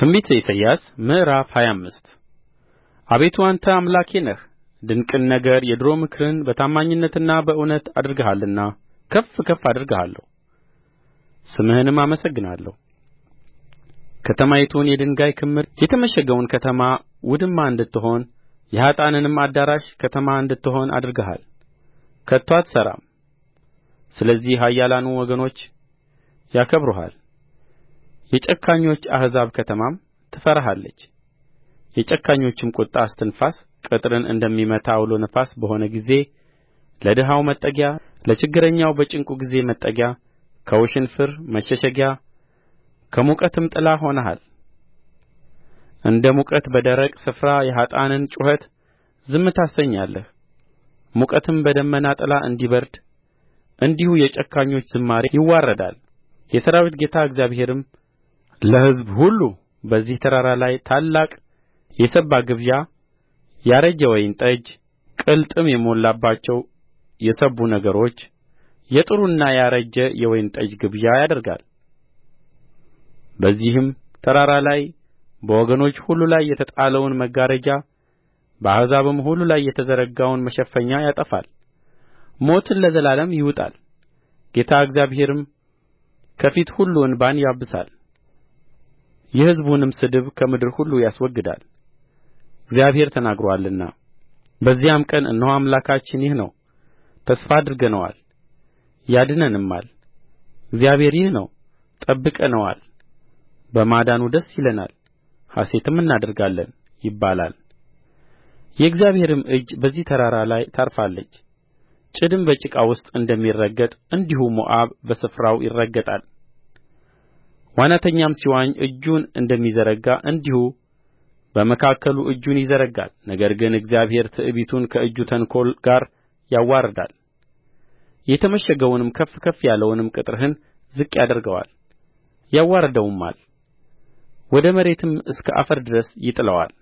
ትንቢተ ኢሳይያስ ምዕራፍ ሃያ አምስት አቤቱ አንተ አምላኬ ነህ ድንቅን ነገር የድሮ ምክርን በታማኝነትና በእውነት አድርገሃልና ከፍ ከፍ አደርግሃለሁ ስምህንም አመሰግናለሁ ከተማይቱን የድንጋይ ክምር የተመሸገውን ከተማ ውድማ እንድትሆን የኀጣንንም አዳራሽ ከተማ እንድትሆን አድርገሃል ከቶ አትሠራም ስለዚህ ኃያላኑ ወገኖች ያከብሩሃል የጨካኞች አሕዛብ ከተማም ትፈርሃለች የጨካኞችም ቍጣ እስትንፋስ ቅጥርን እንደሚመታ ዐውሎ ነፋስ በሆነ ጊዜ ለድሀው መጠጊያ ለችግረኛው በጭንቁ ጊዜ መጠጊያ ከውሽንፍር መሸሸጊያ ከሙቀትም ጥላ ሆነሃል እንደ ሙቀት በደረቅ ስፍራ የኀጥአንን ጩኸት ዝም ታሰኛለህ ሙቀትም በደመና ጥላ እንዲበርድ እንዲሁ የጨካኞች ዝማሬ ይዋረዳል የሠራዊት ጌታ እግዚአብሔርም ለሕዝብ ሁሉ በዚህ ተራራ ላይ ታላቅ የሰባ ግብዣ ያረጀ ወይን ጠጅ ቅልጥም የሞላባቸው የሰቡ ነገሮች የጥሩና ያረጀ የወይን ጠጅ ግብዣ ያደርጋል በዚህም ተራራ ላይ በወገኖች ሁሉ ላይ የተጣለውን መጋረጃ በአሕዛብም ሁሉ ላይ የተዘረጋውን መሸፈኛ ያጠፋል፣ ሞትን ለዘላለም ይውጣል። ጌታ እግዚአብሔርም ከፊት ሁሉ እንባን ያብሳል፣ የሕዝቡንም ስድብ ከምድር ሁሉ ያስወግዳል እግዚአብሔር ተናግሮአልና በዚያም ቀን እነሆ አምላካችን ይህ ነው ተስፋ አድርገነዋል ያድነንማል እግዚአብሔር ይህ ነው ጠብቀነዋል በማዳኑ ደስ ይለናል ሐሤትም እናደርጋለን ይባላል የእግዚአብሔርም እጅ በዚህ ተራራ ላይ ታርፋለች ጭድም በጭቃ ውስጥ እንደሚረገጥ እንዲሁ ሞዓብ በስፍራው ይረገጣል ዋናተኛም ሲዋኝ እጁን እንደሚዘረጋ እንዲሁ በመካከሉ እጁን ይዘረጋል ነገር ግን እግዚአብሔር ትዕቢቱን ከእጁ ተንኰል ጋር ያዋርዳል የተመሸገውንም ከፍ ከፍ ያለውንም ቅጥርህን ዝቅ ያደርገዋል ያዋርደውማል ወደ መሬትም እስከ አፈር ድረስ ይጥለዋል